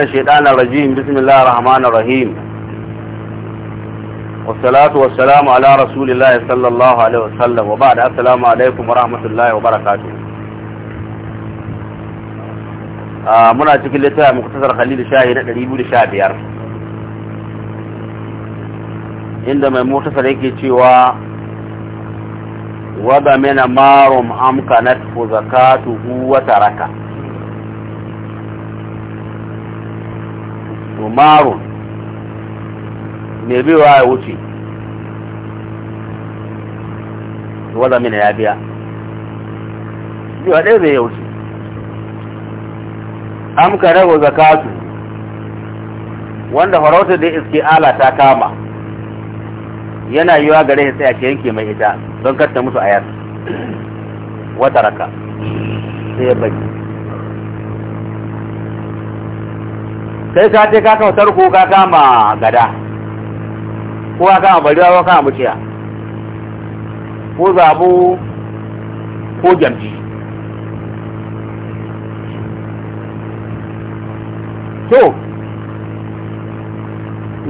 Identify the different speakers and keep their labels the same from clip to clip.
Speaker 1: الشيطان الرجيم بسم الله الرحمن الرحيم والصلاة والسلام على رسول الله صلى الله عليه وسلم وبعد السلام عليكم ورحمة الله وبركاته منا cikin littafin muktasar Khalil Shahi na 215 inda mai muktasar yake cewa wada mena marum amkanat zakatuhu wa taraka marun mai biyuwa ya wuce wadda mina ya biya biyuwa ɗaya zai ya wuce amka rago zakatu wanda farautar da iske ala ta kama yana yiwa gare ya tsaya ke yanke mai ita don kasta musu a yasa wata raka sai ya bai kai ka ce ka kama ko ka kama gada ko ka kama bariwa ko kama mutiya ko zabo ko jamji to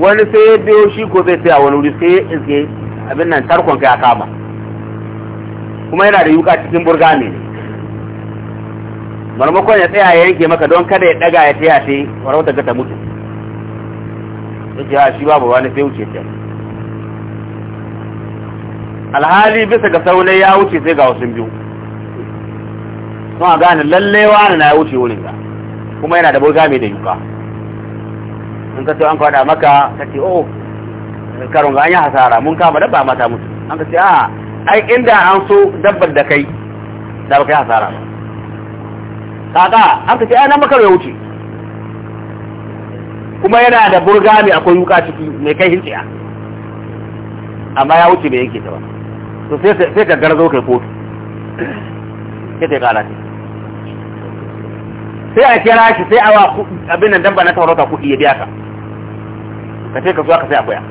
Speaker 1: wani sai ya biyo shi ko zai tsaya wani wuri sai iske abin nan tarkon ka ya kama kuma yana da yuka cikin burga ne marmakon ya tsaya ya yanke maka don kada ya daga ya taya sai warauta ga ta mutu yake ya ah, shi babu wani sai wuce ta alhali bisa ga saunai ya wuce sai ga wasu biyu sun a gane lalle wani na ya wuce wurin ga kuma yana da burga mai da yuka in ka ce an kwada maka ka ce oh karon ga an yi hasara mun kama dabba mata mutu an ka ce a ah, ai inda an so dabbar da kai da baka yi hasara ba kaka an ka ce ai na makar ya wuce kuma yana da burga mai akwai yuka ciki mai kai hinciya amma ya wuce bai yake ta ba to sai ka garzo kai kotu sai ta kala ce sai a kira shi sai awa abin nan dan ba na taurata kuɗi ya biya ka ka ce ka zuwa ka sai akuya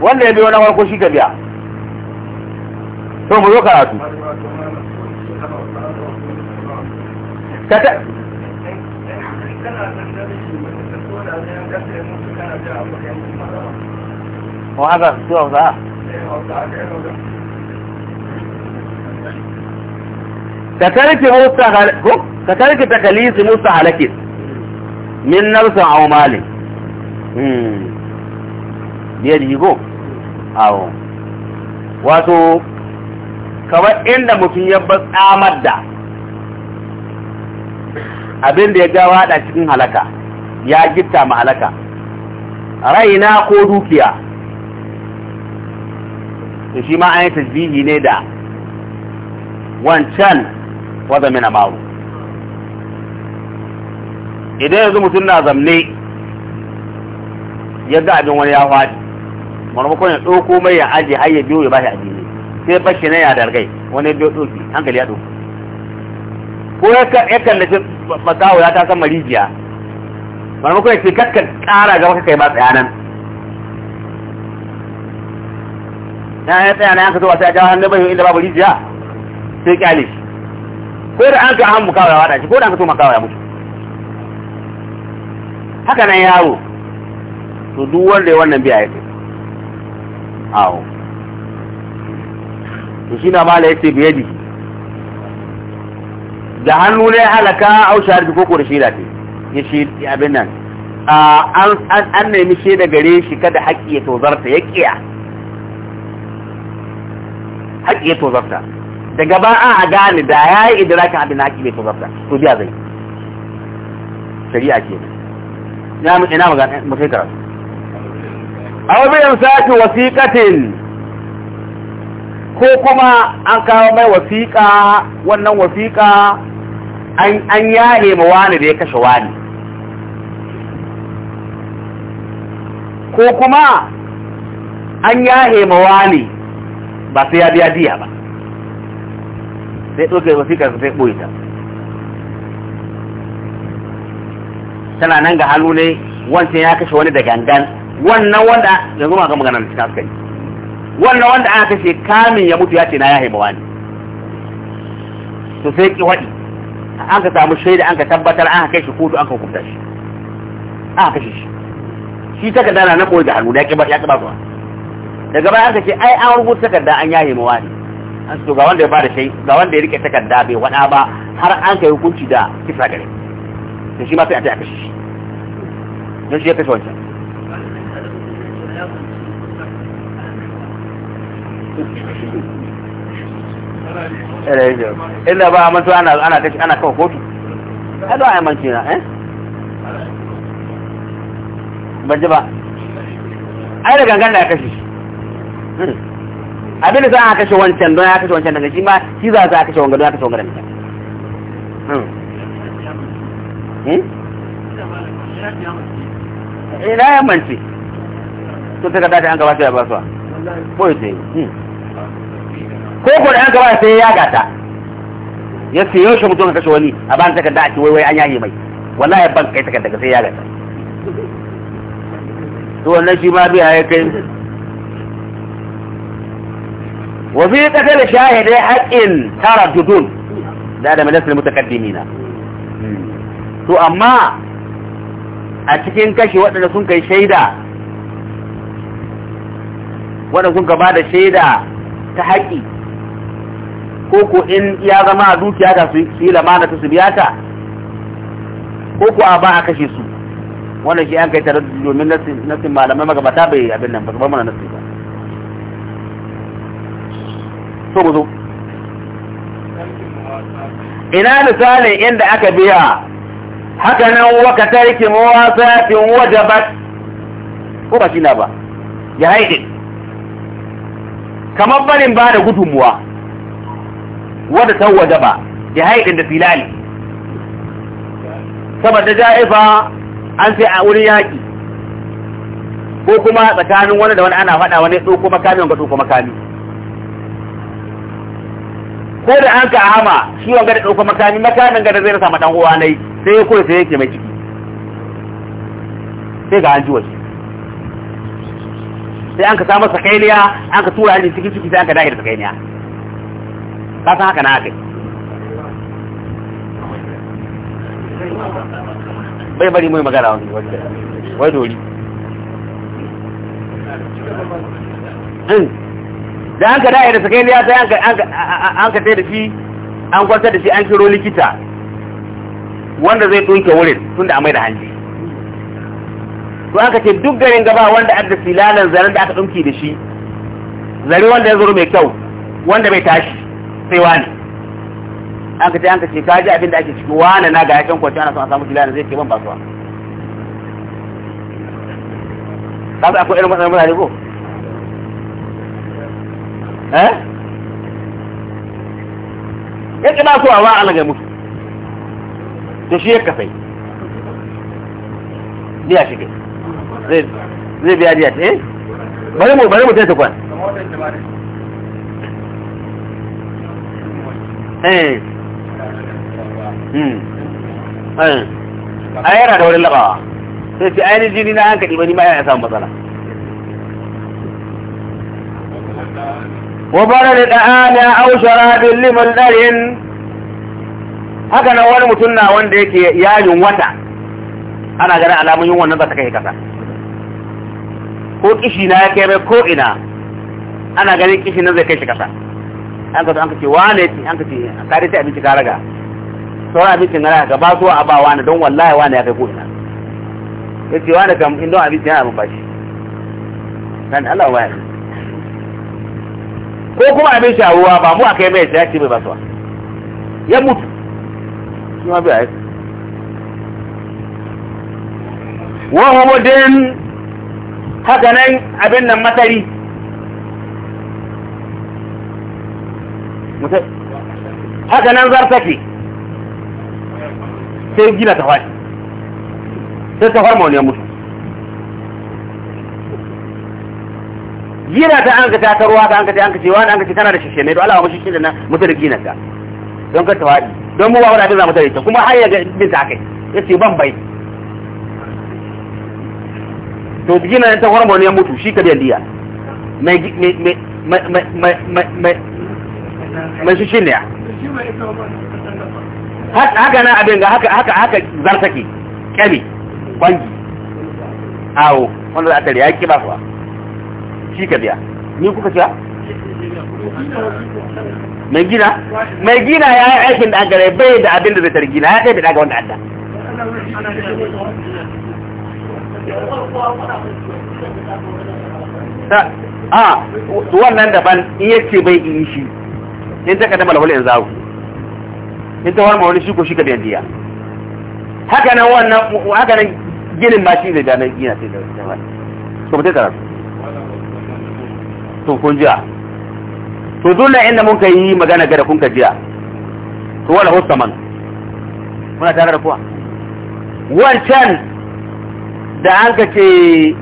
Speaker 1: wanda ya biyo na farko shi ka biya to mu zo karatu wa haka su hausa ka tarki takalisi musta halakis min narsa a malin hmm. biyar yi go awo wato kamar inda mutum ya ba tsamar da abin da ya gawa da cikin halaka ya gita ma halaka raina ko dukiya to shi an yi ne da wancan wadda mina maru idan yanzu mutum na zamne ya ga abin wani ya faɗi marmakon ya ɗauko mai ya aje har ya biyo ya bashi addini sai bashi na ya dargai wani biyo ɗoki hankali ya ɗauko ko ya kallaci makawo ya ta san marijiya marmakon ya ce kakka ƙara ga ka kai ba tsayanan na ya tsaya na yanka zuwa sai a jawo hannun bai inda babu rijiya sai kyale shi ko da an ka an mukawa ya wada shi ko da an ka so makawa ya mutu haka nan yaro to duk wanda ya wannan biya ya ce awo to shi na mala yace bi yadi da hannu ne halaka au shahadati ko ko da ce ya shi abin nan an nemi shaida gare shi kada haƙƙi ya tozarta ya kiya haƙƙi ya tozarta daga ba an a gane da ya yi idraka abin haƙƙi bai tozarta to biya zai shari'a ke ina magana mutai karatu aw bi imsaki wasiqatin ko kuma an kawo mai wasiƙa wannan wasiƙa an an yahe ma wani da ya kashe wani ko kuma an yahe ma wani ba sai ya biya diya ba sai ɗauke wasiƙar sai ɓoye ta tana nan ga hannu ne wancan ya kashe wani da gangan wannan wanda yanzu ma ga magana cikin askai wannan wanda aka kashe kamin ya mutu ya ce na ya haibawa wani to sai ki wadi an ka samu shaida an ka tabbatar an kai shi kotu an ka hukunta shi an kashe shi shi takarda na koyi da hannu da ya kaba ya zuwa daga baya ka ce ai an rubuta takarda an ya haibawa wani an su ga wanda ya bada shai ga wanda ya rike takarda bai wada ba har an kai hukunci da kisa gare da shi ma sai a ta kashe shi don shi ya kashe wancan Ina ba a mantuwa ana ana kashi ana kawo kotu ai ba a yi manci na eh ban ji ba ai da gangan da ya kashi hmm. abin da za a kashe wancan don ya kashe wancan daga shi ma shi za a kashe wanga don ya kashe wanga da daga hmm. Hmm?
Speaker 2: ina ya manci
Speaker 1: to ta kada ta an gabata ya ba su wa. boye zai hmm. ko ko da an gaba sai ya gata ya ce yau shi mutum ka kashe wani a ban takarda a ce wai wai an yaye mai wallahi ban kai ta takarda sai ya gata to wannan shi ma biya ya kai wa fi qatl shahidai haqqin taraddudun da da majalisar mutakaddimina to amma a cikin kashe wadanda sun kai shaida waɗanda sun gaba da shaida ta haƙi ko ko in ya zama a dukiya ta su yi lamana ta su biya ta ko ko a ba a kashe su wannan shi an kai tare domin nasin malamai magabata bai abin nan ba kamar mana nasin ba so mu zo ina misalin inda aka biya haka nan waka tarki mawasatin wajabat ko ba shi na ba ya haidin kamar barin ba da gudunmuwa wadda ta waje ba da haifin da filali saboda ja'ifa an sai a wurin yaƙi ko kuma tsakanin wani da wani ana faɗa wani ya tsoko makami wanga tsoko makami ko da an ka hama shi wanga da tsoko makami makamin ga da zai rasa ma uwa nai sai ya koyi sai yake mai ciki sai ga an ji waje sai an ka samu sakailiya an ka tura shi cikin ciki sai an ka dahil sakailiya ka san haka na haka bai bari mai magana wani wai dori hmm. da an ka dahil sakailiya sai an ka da shi an kwantar da shi an kiro likita wanda zai tunke wurin tun da amai da hanji to aka ce duk garin gaba wanda adda filanan zaren da aka dumki da shi zare wanda ya zuru mai kyau wanda bai tashi sai wani an ka ce an ka ce ka ji abin da ake ciki wani na ga yakin kwanci ana son a samu filanan zai ke ban basuwa su akwai irin matsalar mutane ko eh ya kina ba ala ga mutu to shi ya kasai biya shi kai
Speaker 2: zai biya diya eh bari mu bari mu tace kwan
Speaker 1: eh, hmm. eh. a yana da wani labawa sai ce ainihin jini na hankali ba ni ma yana samun matsala wabarar da ana au sharabin liman darin haka nan wani mutum na wanda yake yayin wata ana ganin alamun yin wannan ba ta kai kasa ko kishi na ya kai mai ko ina ana ganin kishi nan zai kai shi kasa an ka an ka ce wane an ka ce ka dai abinci ka raga sauran abincin gara ka ba su a ba wani don wallahi wani ya kai ko ina ya ce wani kam in don abincin yana bashi kan Allah wa ya ko kuma abin shawuwa ba mu a kai mai ya ce basuwa ya mutu shi ma bai a yi wa homodin haka nan abin nan matari haka nan zartafi sai gina ta fashi sai ta farma wani ya mutu gina ta an ka ta ruwa ta an ka ta an ka cewa an ka tana da shishe ne to Allah ba shishe da na mutu da gina ta don ka ta don mu ba wani abin za mu tare ta kuma har ya ga binta akai ya ce ban bai to gina ta tawar mu ne ya mutu shi ka biya diya mai mai mai mai mai mai su shine haka na abin ga haka haka haka zartake kyami bangi awo wanda aka riya ki ba kuwa shi ka biya ni kuka ciya
Speaker 2: mai gina mai gina ya yi aikin da
Speaker 1: an gare bai da abin da zai targina ya kai bi daga wanda adda a wannan daban in ce bai yi shi in ta kadama lahul inzaru in ta warma wani shi ko shi ka biya haka nan wannan haka nan ginin ma shi zai da nan gina sai da wani so mutai su to kun jiya to dole inda mun kai yi magana gada kun ka jiya to wala hussaman muna tare da kuwa wancan da an ka ce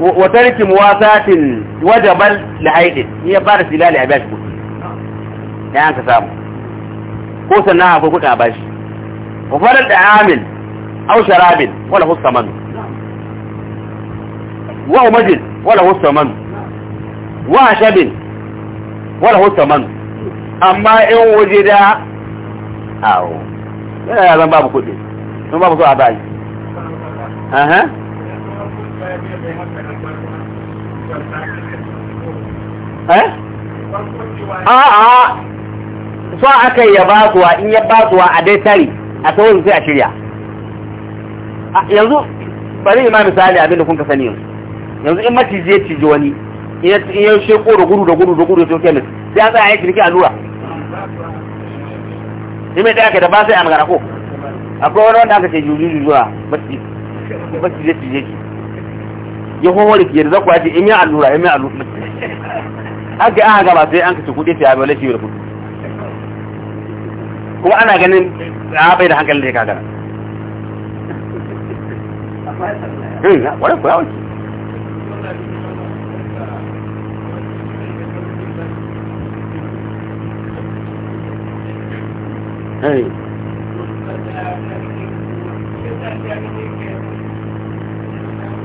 Speaker 1: watarki muwasatin wajabal lahaidin ni ya ba da silali a bashi kudi ya an ka samu ko sannan akwai kudi a bashi wa farar da amin au sharabin wala hussa manu wa umajin wala hussa manu wa ashabin wala hussa manu amma in waje da awo yana zan babu kudi sun babu so a bashi aha
Speaker 2: ah
Speaker 1: so aka ya ba kuwa in ya ba kuwa a dai tari a tsawon sai a shirya yanzu bari ma misali abin da kun ka sani yanzu yanzu in maciji ya ciji wani in ya ko da gudu da gudu da gudu ya soke mai sai an tsaya ya shirki allura shi mai tsaya ka da ba sai a magana ko akwai wani wanda aka ce juju jujuwa maciji macije cije shi ya hawari ki yarda kwaje in ya eh, allura in eh, ya allura haka an haka ba sai an kace kudi ta ya shi da kudi kuma ana ganin a bai da hankali da ya kagara hmm, Hey.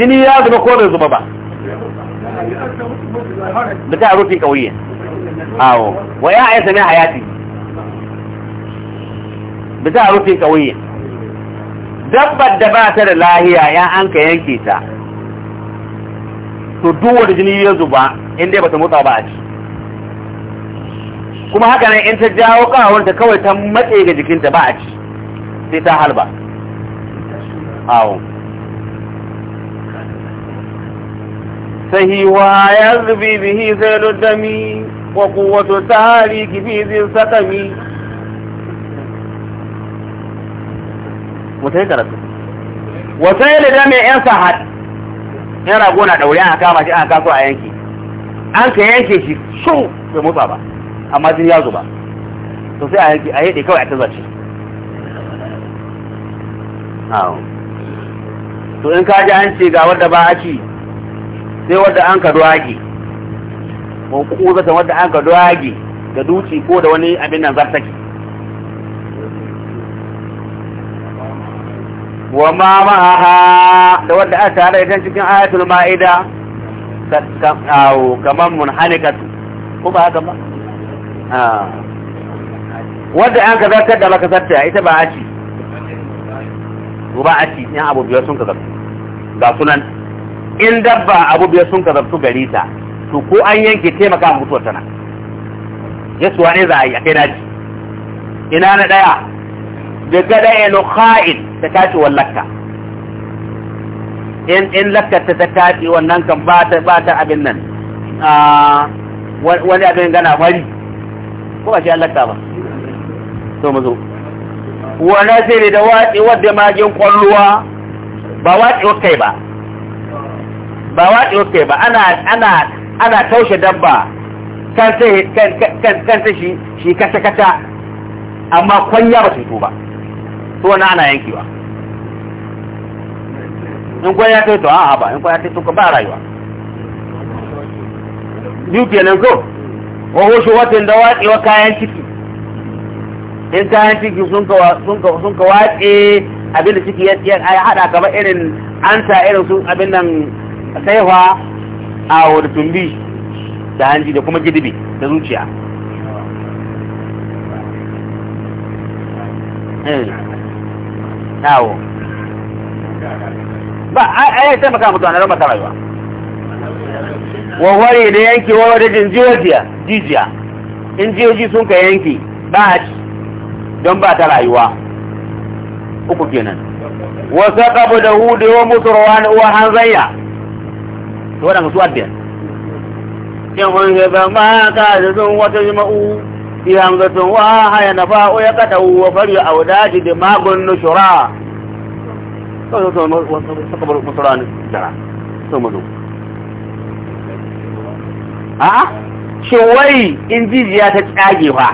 Speaker 1: jini ya zuba ko bai zuba ba da ta rufin kauye awo wa ya yi sami hayati da ta rufin kauye dabbar da ba ta da lahiya ya an ka yanke ta to duk wanda jini ya zuba inda ba ta motsa ba a ci kuma haka nan in ta jawo ta kawai ta matse ga jikinta ba a ci sai ta halba awo سهيها يذبي به سيل الدم وقوة التهاليك في ذي السقم وسيل وسيل دم ينسحت yana gona daure aka kama shi aka kaso a yanki an ka yanke shi shu bai motsa ba amma jin ya zuba to sai a yanki a yade kawai a ta zace to in ka an ce ga ba a ci sai wadda an ka dwage mawquzatan wadda an ka dwage da duci ko da wani abin nan zartaki wa ma ma ha da wadda a tare da cikin ayatul ma'ida kamar munhalikatu ko ba haka ba ah. wadda an ka zartar da baka zarta ita ba a ci ba a ci yan abu biyar sun ka zarta ga sunan in dabba abu biyar sun ka zartu gari ta to ko an yanke taimaka mutuwar tana yasuwa ne za a yi a kai daji ina na ɗaya da gada no kha'in ta tashi wallaka in in lakkar ta tashi wannan kan ba ta abin nan ah, wani abin gana fari ko ba shi lakka ba to mu zo wa nazari da waɗi wadda magin kwalluwa ba waɗi kai ba ba waɗe kai ba ana taushe dabba kan sai shi kata-kata amma kwanya ba su ba to wani ana yankewa in kwanya ta yi to a ba in kwanya ta yi to ba rayuwa biyu nan ko waho shi watan da wa kayan ciki in kayan ciki sun ka abin abinda ciki ya haɗa kama irin an sa irin sun abin nan saiwa a tumbi da hanji da kuma gidibi da zuciya yawo eh. ba a yi taimaka mutu a na rabata rayuwa wawware da yanki wawware jin jiyojiya jijiya in jiyoji sun ka yanki ba a ci don ba ta rayuwa uku kenan wasu kabu da hudu wa musu rawa na uwa hanzayya to waɗanda su addiya in kun ke ban ba ka da sun wata jima'u iya gatun wa haya na fa'o ya kada wa fari a shi da magun nushura kawai sun suka bar musura ne jara sun mazu a'a shin wai in jijiya ta tsage fa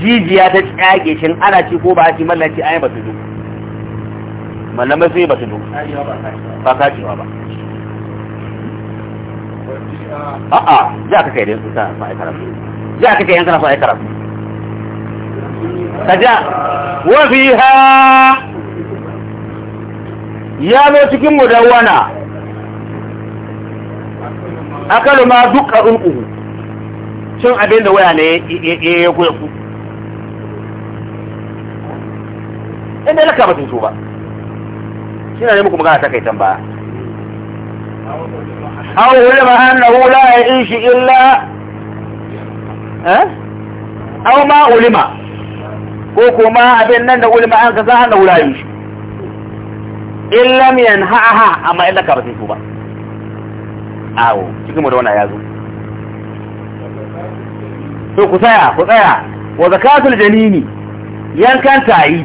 Speaker 1: jijiya ta tsage shin ana ci ko ba a ci mallaci ayi ba su duk malamai yi ba su duk ba ka ba a'a za ka kai da su sa karatu za ka kai yan kana so ai karatu kaja wa ya zo cikin mudawwana akalu ma duka ulquhu cin abin da waya ne ya goya ku inda laka batun so ba shi ne muku magana ta kai tambaya
Speaker 2: أو علم أنه لا يعيش إلا
Speaker 1: أه؟ أو ما علم ko ma abin nan da ulama an kasa an da wulayi shi in lam yanha'aha amma illa ka ba sai ba awo cikin mu da wannan yazo to ku tsaya ku tsaya wa zakatul janini yankan tayi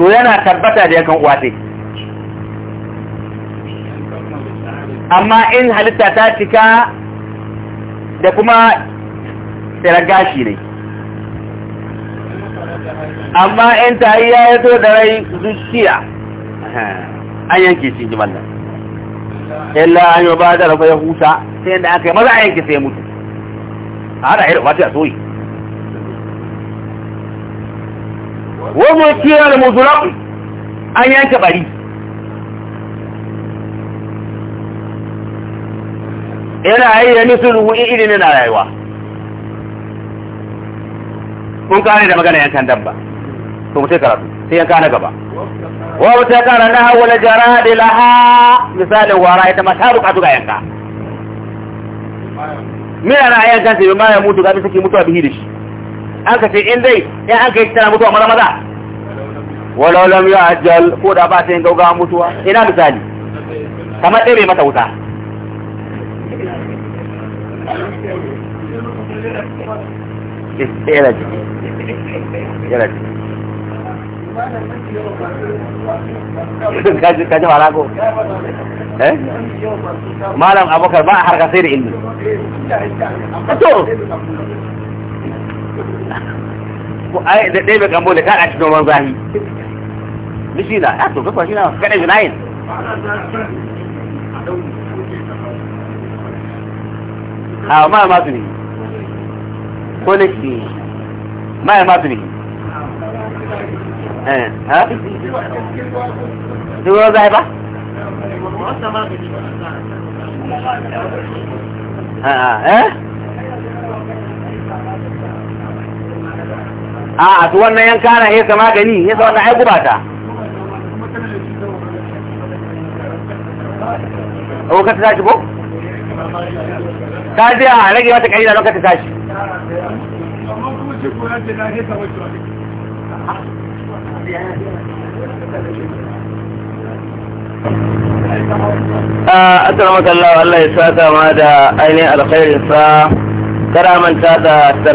Speaker 1: to yana tabbata da yankan uwa amma in halitta ta cika da kuma tsirar gashi ne amma in ta yi ya yato da rai zuciya an yanke shi ji mallan illa an yi ba da rafa ya husa sai yadda aka yi maza a yanke sai ya mutu a hada irin wata ya soyi wani da musulun an yanke bari yana yi da misulu iri ne na rayuwa kun kare da magana yankan dabba to mutai karatu sai yanka na gaba wa ta kara na jara da
Speaker 2: laha
Speaker 1: misalin wara ita ma ta bukatu ga yanka me yana yankan sai ma ya mutu gami suke mutuwa bihi da shi an ka ce in dai ya an kai tana mutuwa maza maza walaulam ya ajal ko da ba ta yin gauga mutuwa ina misali kamar ɗaya mata wuta
Speaker 2: يلد يلد kaji wala ko eh malam abokar ba a harka sai da ilmi to
Speaker 1: ai da ɗaya bai kambo da kaɗa cikin ruwan zahi mishi na ya to kafa shi na kaɗa jinayin a ma masu ne خلقي ما ما بني ها ها ha وضع بقى ha ها eh? a to wannan yanka na yasa magani yasa wannan ai gubata
Speaker 2: o ka tashi ko ta je a rage mata kai da lokacin tashi amma kuma shi ko yace na heta wato a tsaramakallawa Allah ya saka ma da ainihin alkhairinsa
Speaker 1: karamanta da